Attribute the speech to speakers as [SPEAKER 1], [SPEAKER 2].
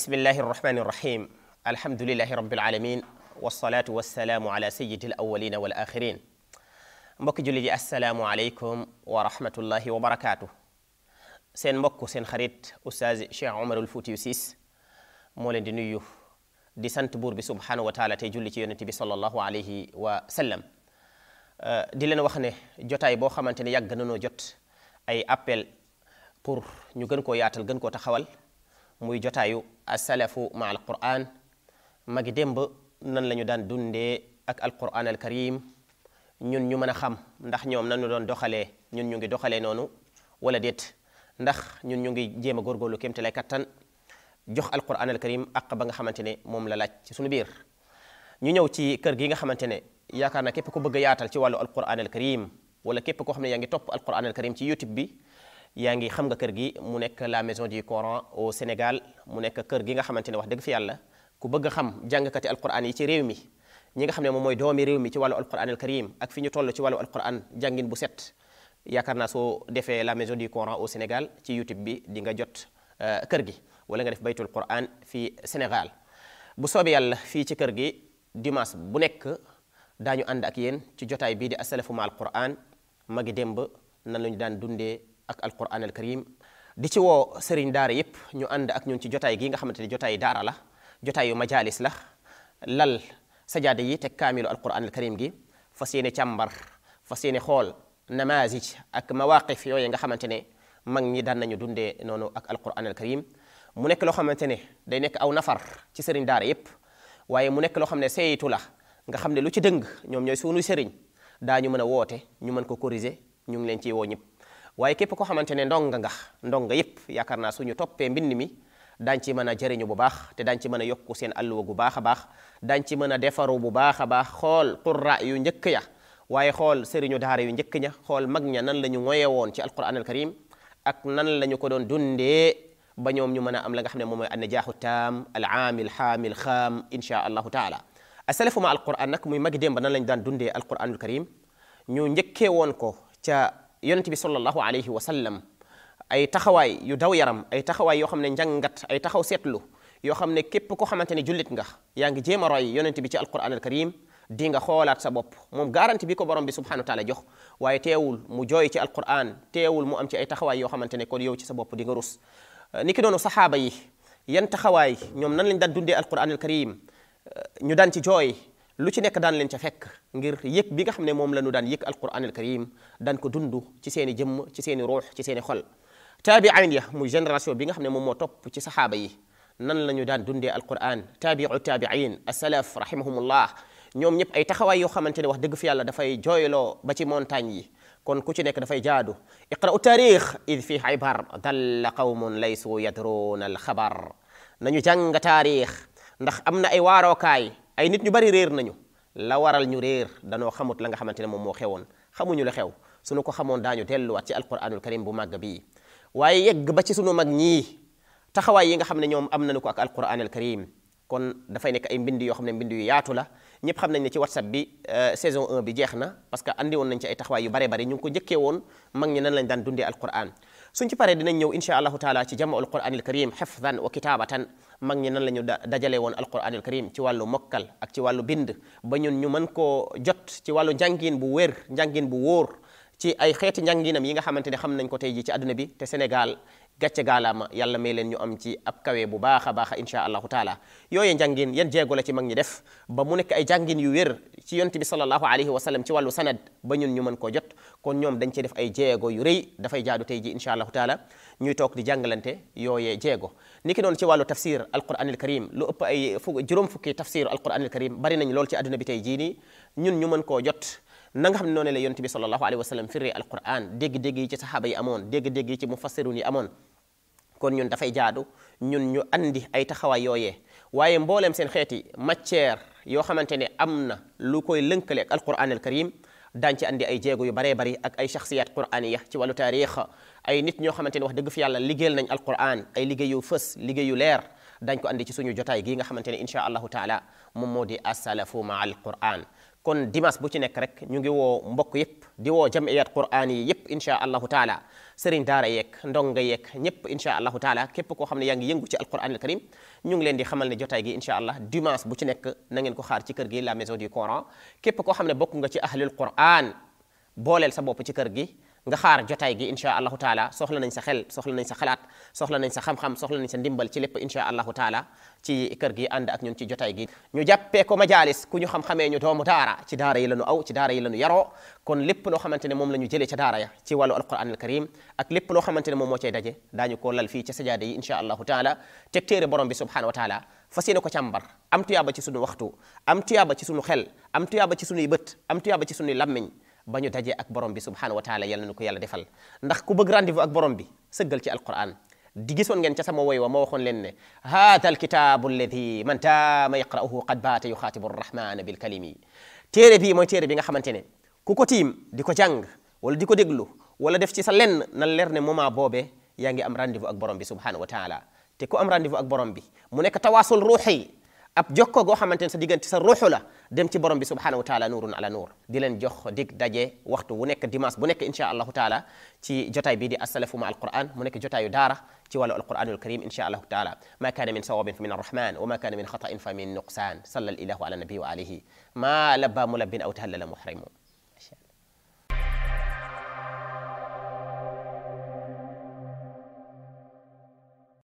[SPEAKER 1] bismillahi arrahmani irrahim alhamdulilahi rabilalamin walsalaatu walsalaamu ala sayidi alawalina wal axirin mbokki julli ji assalaamu aleykum wa rahmatullahi wa barakaatu seen mbokk seen xarit oustaz Cheikh Omarul Fuutiyu Siis moo leen di nuyu di sant buur bi subhaanahu wa taala tey julli ci yonente bi sallallahu alayhi wa sallam euh, di leen wax ne jotaay boo xamante ne yàgg nanoo jot ay appel pour ñu gën koo yaatal gën koo taxawal muy jotaayu asalafu ma alquran magi demb nan la ñu daan dundee ak alquran al karim ñun ñu mën a xam ndax ñoom nanu doon doxalee ñun ñu ngi doxalee noonu wala déet ndax ñun ñu ngi jéem a góorgóorlu kémte lay kattan jox alquran al karim ak ba nga xamante ne moom la laaj ci suñu biir ñu ñëw ci kër gi nga xamante ne yaakaar na képp ku bëgg yaatal ci wàllu alquran al karim wala képp koo xam ne yaa ngi topp alquran al karim ci youtube bi yaa ngi xam nga kër gi mu nekk la maison du Coran au Sénégal mu nekk kër gi nga xamante ne wax dëgg fi yàlla ku bëgg a xam jàngkati alquran yi ci réew mi ñi nga xam ne moom mooy doomi réew mi ci wàllu alquran al karim ak fi ñu toll ci wàllu alquran jàngin bu set yaakaar naa soo defee la maison du Coran au Sénégal ci YouTube bi di nga jot euh, kër gi wala nga def baytul Quran fii Sénégal bu soobee yàlla fii ci kër gi dimanche bu nekk daañu ànd ak yéen ci jotaay bii di asalafu ma al Quran magi démb nan la daan dundee ak alquran al karim di ci woo sëriñ daara yëpp ñu ànd ak ñun ci jotaay gi nga xamante ni jotaay daara la jotaayu majalis la lal sajaada yi teg kaamilu alquran al karim gi fa yéene càmbar fas yéene xool namazij ak mawaqif yooyu nga xamante ne mag ñi daan nañu dundee noonu ak alquran al karim mu nekk loo xamante ne day nekk aw nafar ci sëriñ daara yëpp waaye mu nekk loo xam ne saytu la nga xam ne lu ci dëng ñoom ñooy suñu sëriñ daa ñu mën a woote ñu mën ko corriger ñu ngi leen ciy woo ñëpp waaye képp ko xamante ne ndonga nga ndonga yépp yaakaar naa suñu toppee mbind mi daañ ci mën a jariñu bu baax te daañ ci mën a yokku seen alluwa bu baax a baax daañ ci mën a defaru bu baax a baax xool qurra yu njëkk ya waaye xool seriñu daara yu njëkk ña xool mag ña nan la ñu ngoye woon ci alquran al karim ak nan la ñu ko doon dundee ba ñoom ñu mën a am la nga xam ne moom mooy an najaahu taam al aamil xaamil xaam insha allahu taala asalafu ma alquran nag muy magi démb nan lañu daan dundee alquranul karim ñu njëkkee woon ko ca yonent bi sallallahu alayhi wa sallam ay taxawaay yu daw yaram ay taxawaay yoo xam ne njàngat ay taxaw seetlu yoo xam ne képp koo xamante ne jullit nga yaa ngi jéem a roy yonent bi ci alquran al karim di nga xoolaat sa bopp moom garanti bi ko borom bi subhanahu wa taala jox waaye teewul mu jooy ci alquran teewul mu am ci ay taxawaay yoo xamante ne kon yow ci sa bopp di nga rus ni ki noonu saxaaba yi yan taxawaay ñoom nan lañ daan dundee alquran al karim ñu daan ci jooy lu ci nekk daan leen ca fekk ngir yëg bi nga xam ne moom la ñu daan yëg alquran al karim daan ko dund ci seen i jëmm ci seen i ruux ci seen i xol taabiin ya muy génération bi nga xam ne moom moo topp ci saxaaba yi nan la ñu daan dundee alquran taabiu taabiin asalaf rahimahumullah ñoom ñëpp ay taxawaay yoo xamante ne wax dëgg fi yàlla dafay jooyloo ba ci montagne yi kon ku ci nekk dafay jaadu iqra'u taarix id fii ibar dalla qawmun laysu yadruuna alxabar nañu jàng taarix ndax am na ay waarookaay ay nit ñu bari réer nañu la waral ñu réer danoo xamut la nga xamante ne moom moo xewoon xamuñu la xew su nu ko xamoon daa daañu delluwaat ci alquranul karim bu màgg bii waaye yegg ba ci sunu mag ñii taxawaay yi nga xam ne ñoom am nañu ko ak alquranul karim kon dafay nekk ay mbind yoo xam ne mbind yu yaatu la ñëpp xam nañ ne ci whatsapp bi euh, saison 1 bi jeex na parce que andi woon nañ ci ay taxawaay yu bare bari ñu ko njëkkee woon mag ñi nan lañ daan dundee alquran suñ ci paree dinañ ñëw insha allahu taala ci jamaul quranil karim xifdan wa kitaabatan mag ñi nan la ñu dajale woon alquranil karim ci wàllu mokkal ak ci wàllu bind ba ñun ñu mën koo jot ci wàllu njàngin bu wér njàngin bu wóor ci ay xeeti njànginam yi nga xamante ne xam nañ ko tey ji ci àdduna bi te Sénégal gàcce gaalaama yàlla may leen ñu am ci ab kawe bu baax a baax insha allahu taala yooye njàngin yan jeego la ci mag ñi def ba mu nekk ay jàngin yu wér ci yonent bi sallallahu alayhi wa sallam ci wàllu sanad ba ñun ñu mën jot kon ñoom dañ ci def ay jeego yu rëy dafay jaadu tey ji insha allahu taala ñuy toog di jàngalante yooye jeego ni ki noonu ci wàllu tafsir alquran al karim lu ëpp ay fukk juróom fukki tafsir alquran al karim bi tey koo jot na nga xam ne noonu yi ci sahaaba yi amoon dégg-dégg yi ci mufassirun yi amoon kon ñun dafay jaadu ñun ñu andi ay taxawaay yooyee waaye mboolem seen xeeti matière yoo xamante ne am na lu koy lënkale ak alquran al karim daañ ci andi ay jéego yu baree bari ak ay shaxsiyaat quraniya ci wàllu taarix ay nit ñoo xamante ne wax dëgg fi yàlla liggéeyal nañ alquran ay liggéey fës liggéey yu leer dañ ko andi ci suñu jotaay gii nga xamante ne incha allahu taala moom moo di asalafu ma alquran kon dimanche bu ci nekk rek ñu ngi woo mbokk yëpp di woo jamiyat qur'aan yi yëpp incha allahu taala sëriñ daara yeeg ndonga yeeg ñëpp incha allahu taala képp koo xam ne yaa ngi yëngu ci alquran al karim ñu ngi leen di xamal ne jotaay gi incha allah dimanche bu ci nekk nangeen ko xaar ci kër gi la maison du coran képp koo xam ne bokk nga ci ahlul quran booleel sa bopp ci kër gi nga xaar jotaay gi incha allahu taala soxla nañ sa xel soxla nañ sa xalaat soxla nañ sa xam-xam soxla nañ sa ndimbal ci lépp incha allahu taala ci kër gi ak ñun ci jotaay gi ñu jàppee ko majalis ku ñu xam-xamee ñu doomu daara ci daara yi la ñu aw ci daara yi la ñu yaroo kon lépp loo xamante ne moom la ñu jëlee ca daara ya ci wàllu alquran al karim ak lépp loo xamante ne moom moo cay daje daañu ko lal fii ci sajaada yi incha allahu taala teg téere borom bi subhanahu wa taala fas yéene ko càmbar am tuyaaba ci sunu waxtu am tuyaaba ci sunu xel am tuyaaba ci sunuy bët am tuyaaba ci sunuy lammiñ ba ñu dajee ak borom bi subhanahu wa taala ko yàlla defal ndax ku bëgg rendez-vous ak borom bi sëggal ci alquran di gisoon ngeen ca sama woy wa ma waxoon leen ne haata alkitaabu alladi man taama yaqra'uhu qad baata yuxaatibu arrahmana bilkalimi téere bii mooy bi nga xamante ne ku ko tiim di ko jàng wala di ko déglu wala def ci sa lenn na leer ne moment boobe yaa ngi am rendez-vous ak borom bi subhanahu wa taala te ku am rendez-vous ak borom bi mu nekk tawaasul ruuxi ab jokkoo goo xamante ne sa diggante sa ruuxu dem ci borom bi subhanahu wa taala nuurun ala nuur di leen dig daje waxtu wu nekk dimanche bu nekk insha allahu taala ci jotaay bii di ma alquran mu nekk jotaayu daara ci wàllu alquranul karim insha allahu taala ma kaana min sawabin fa min arrahman wa ma kaana min xata'in fa min nuqsaan sallal ilahu ala nabi wa alihi ma labba mulabbin aw tahallala muhrimu